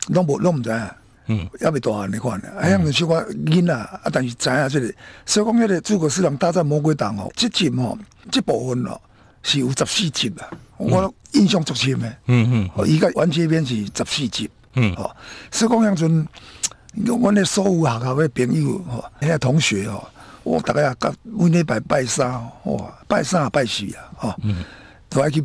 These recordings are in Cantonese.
攏無攏毋知影、那個這個，嗯，也未大漢講，啊樣嘅小我囡仔，啊但是知影即個所講迄個諸葛四郎大戰魔鬼黨哦，即集哦，即部分咯，是有十四集啊！我印象足深嘅，嗯嗯，而家完結篇是十四集，嗯，哦、嗯嗯嗯，所講嗰陣，阮哋所有學校嘅朋友，嗬、那個，同學，嗬，我大家啊，每呢排拜三哇，拜三啊，拜四啊，哦，都愛去。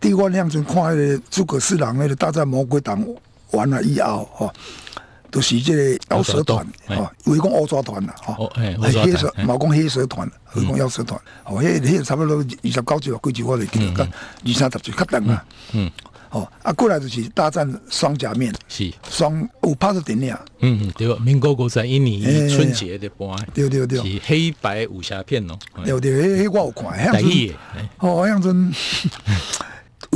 第我向陣看迄個諸葛四郎迄個大戰魔鬼黨完了以後吼，都、哦就是這妖蛇團吼，維共惡爪團呐吼，係、哦欸、黑手，冇、哦、講、欸、黑手團，佢講妖蛇團、嗯，哦，黑黑差不多二十九集落，佢就我哋見到跟二三十集吸燈啊，嗯，哦啊，過來就是大戰雙甲面，是雙有拍是電影，嗯嗯，對個，民國古仔一年一春節的播，對對對，黑白武俠片咯，對對，迄迄我有看，得意、欸，哦向陣.。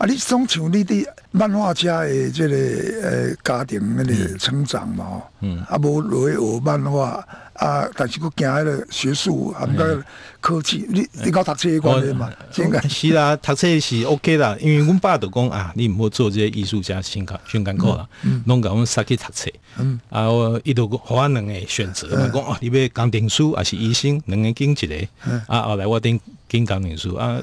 啊！你總像你啲漫畫家嘅，即個誒家庭嗰成長嘛，嗯，啊，無落去學漫畫啊，但是佢行迄個學術啊，唔、嗯、科技，你你搞讀冊嘅觀念嘛，應、哦哦、是啦，讀冊是 OK 啦，因為我爸就講啊，你唔好做即個藝術家，先先干過啦，攏、嗯、講我殺去讀冊、嗯，啊，我一講好兩個嘅選擇嘛，講、嗯、哦、啊嗯啊啊，你要講定書還是醫生，兩個揀一個，啊，後、啊啊啊啊、來我定揀講定書啊。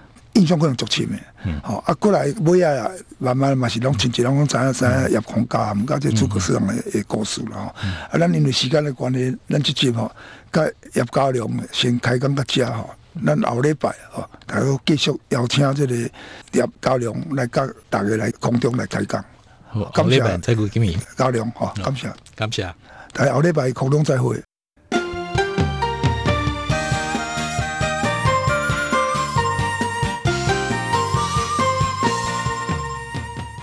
印象可能足深誒，吼、嗯！啊，過來尾啊，慢慢嘛是攏親自攏知影知道嗯嗯、嗯、啊，葉宏甲，唔講即諸葛四郎誒故事啦啊，咱因為時間的關係，咱即陣吼，甲葉家良先開講個家吼，咱後禮拜吼，繼續邀請即個葉家良來甲大家來空中來開講。後禮拜睇過幾面。家良，吼，感謝，哦哦哦、感謝。但、哦、後禮拜空中再會。